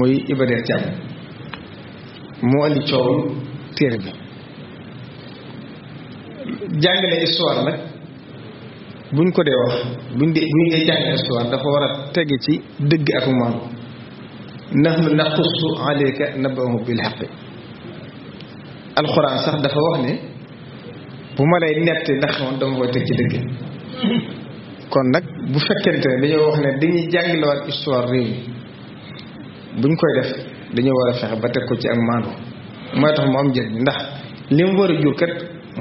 muy ibadeer càmm moo indi coow téere bi jàngale histoire nag buñ ko dee wax buñ dee buñ dee jàngale histoire dafa war a teg ci dëgg ak maanu nahnu naqussu alayka nabahum bil xaqi alxuraan sax dafa wax ne bu ma lay nett ndax xamoon dama koy teg ci dëgg kon nag bu fekkente ne dañoo wax ne dañuy jàngalewaat histoire réew mi bu ñu koy def dañoo war a fexe ba teg ko ci ak maandu mooy tax mu am njëriñ ndax li mu war a jur kat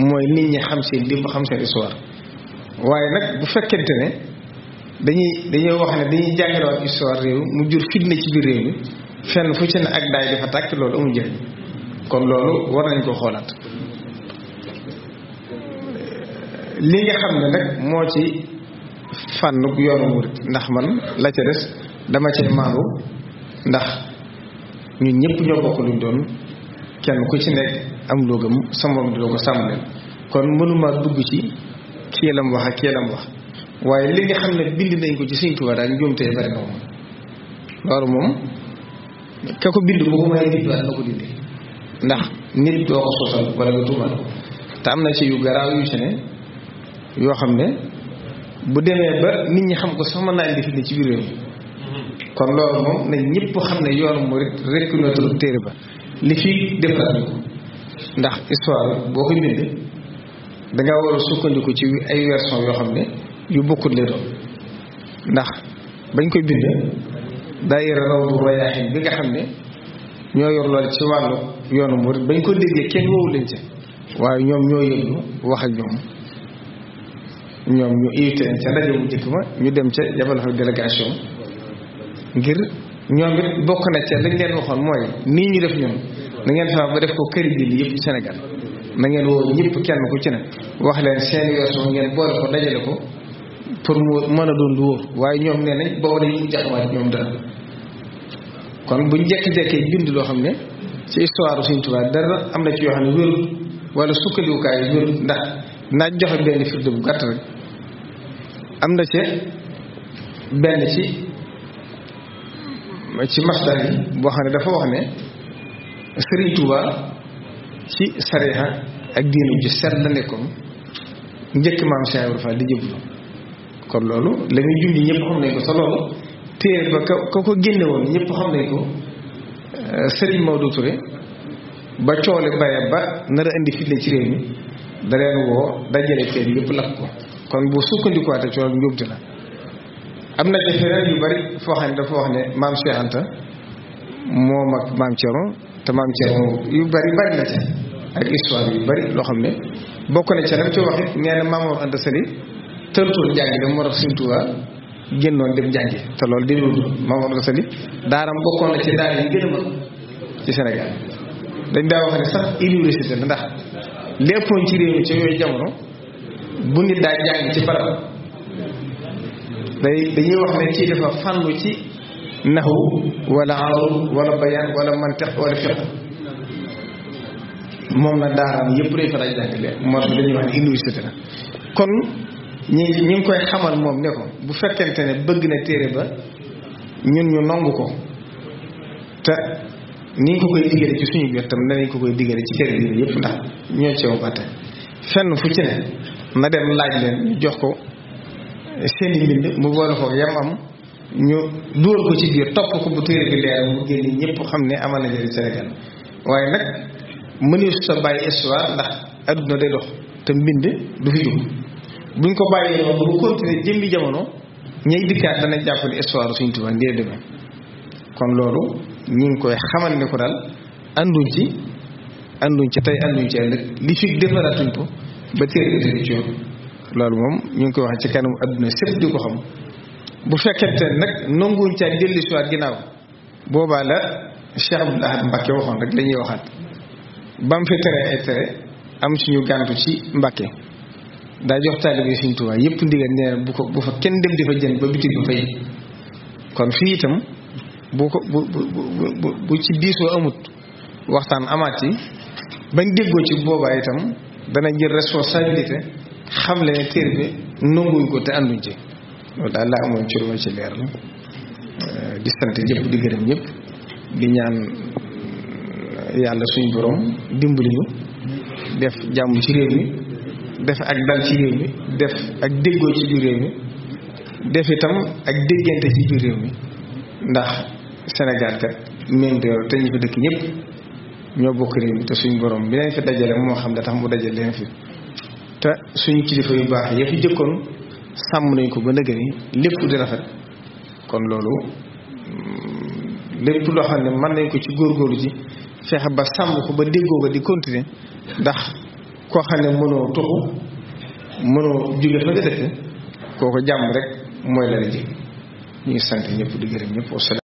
mooy nit ñi xam seen démb xam seen histoire waaye nag bu fekkente ne dañuy dañoo wax ne dañuy jàngalewaat histoire réew mu jur fitna ci biir réew mi fenn fu ci ne ak daay dafa tàkk loolu amul njëriñ kon loolu war nañ ko xoolaat li nga xam ne nag moo ci fànn yoonu murit ndax man la ca des dama cee maandu ndax ñun ñëpp ñoo bokk luñ doon kenn ko ci nekk am loo gëm sa morom di la ko sàmm leen kon mënuma dugg ci kii lam wax ak kii lam wax waaye li xam ne bind nañ ko ci Sëriñ Tuubaa daal njuumte bari na moom loolu moom ka ko bind boo ko may nit daal na ko dindi ndax nit doo ko soosal wala nga tuumal te am na ci yu garaaw yu ci ne yoo xam ne bu demee ba nit ñi xam ko sama mën naa indi fitna ci biir réew kon loolu moom ne ñëpp xam ne yoonu murit rekk nootul téere ba li fii defaraat ko ndax histoire boo koy bind danga war a sukkandiku ci ay version yoo xam ne yu bokkut lay doon ndax bañ koy bind daayira Rawdu Rayaahiin bi nga xam ne ñoo yor loolu ci yoonu murit bañ ko déggee kenn woowu lañ ñoom ñoo wax ak ñoom ñoom ñu invité leen ca rajo bu njëkk ma ñu dem ca yabal fa délégation ngir ñoom it bokk na ca dañ leen waxoon mooy nii ñu def ñoom na ngeen fexe ba def ko këri julli yëpp Sénégal na ngeen woo ñëpp kenn ku ci ne wax leen seen weesu ngeen boole ko dajale ko pour mu mën a doon lu wóor waaye ñoom nee nañ booba dañuy jàppaat ñoom dara kon buñ jekki-jekkee bind loo xam ne ci histoire suñu tubaab dara am na ci yoo xam ne wérul wala sukkaliwukaay wérul ndax naaj joxe benn firde bu gàtt rek am na ci benn ci ci masdar yi boo xam ne dafa wax ne sëriñ tuuba ci sareha ak diin ji set la nekkoon njëkk maam saa urfa di jëf kon loolu la ñuy junj ñëpp xam nañ ko sa loolu téye ba ka ka ko génne woon ñëpp xam nañ ko euh, sëriñ maodo ture ba coole bare ba nar a indi fitne ci réew mi da leen woo dajale teen ñëpp lakk ko kon bu sukkandikoate coolal njóobdi la am na defereet yu bari foo xam ne dafa wax ne maam Cheikh Anta moo mag maam Thierno te maam Thierno yu bari bari na ci ak histoire yu bari loo xam ne bokk na ca rek ci wax it nee na maam da moo tax Sëriñ Tuubaa génnoon dem jàngi te loolu di maam ci daa wax ne sax université la ndax léppoon ci réew mi yooyu jamono bu nit daa jàng ci barab day dañuy wax ne kii dafa fànnu ci naxu wala arab wala bayaan wala mantiq wala fiq moom na daaraam yëpp day faral jàngale moo tax dañuy wax ne université la kon ñi ñi ngi koy xamal moom ne ko bu fekkente ne bëgg na téere ba ñun ñu nongu ko te ni ñu ko koy diggale ci suñu biir tam nañ ko koy diggale ci kër yi yëpp ndax ñoo ceew batte fenn fu ci ne na dem laaj leen jox ko seen i mbind mu boole ko yam am ñu dóor ko ci biir topp ko bu téere bi leer mu génn ñëpp xam ne amal na njëriñ Sénégal waaye nag mënee su sa bàyyi histoire ndax adduna day dox te mbind du fi jóg buñ ko bàyyee noonu bu continuer jëmbi jamono ñay dikkaat dana jàpp ne histoire suñ tubaab ndee demee kon loolu ñi ngi koy xamal ne ko daal anduñ ci anduñ ci tey anduñ ci ëllëg li fi defaraatuñ ko ba téere bi ci yoon loolu moom ñu ngi koy wax ci kanamu àdduna sépp di ko xam bu fekkente nag nanguwuñ caa delli siwaat ginnaaw boobaa la Cheikh Abdoul Ahad Mbacke waxoon rek lañuy waxaat ba mu fi tere ay tere am suñu gàntu ci Mbacke daa jox taalibe Sëriñ Tuubaa yépp ndigal nee bu ko bu fa kenn dem di fa jënd ba bitig ba fay kon fii itam bu ko bu bu bu ci diisoo amut waxtaan amaat yi bañ déggoo ci boobaa itam dana jël responsabilité xam le ne téere bi nanguñ ko te ànduñ ci loolu daal laa amoon ci lu ci leer la euh, di sant ñëpp di gërëm ñëpp di ñaan euh, yàlla suñ borom dimbali ñu def jàmm ci réew mi def ak dal ci réew mi def ak déggoo ci biir réew mi def itam ak déggante ci biir réew mi ndax Sénégal kat même te ñu fi dëkk ñëpp ñoo bokk réew mi te suñ borom bi leen fi dajale moo xam ne tax mu dajale leen fi te suñu kilifa yu baax yi fi jëkkoon sàmm nañ ko ba nëgë lépp di rafet kon loolu mm, lépp loo xam ne mën nañ ko ci góorgóorlu ji fexe ba sàmm ko ba déggoo ko di continé ndax koo xam ne mënoo tuxu mënoo jóge fa nga dëkk kooku jàmm rek mooy la la ji ñu ngi sant di gërëm ñëpp wasalaam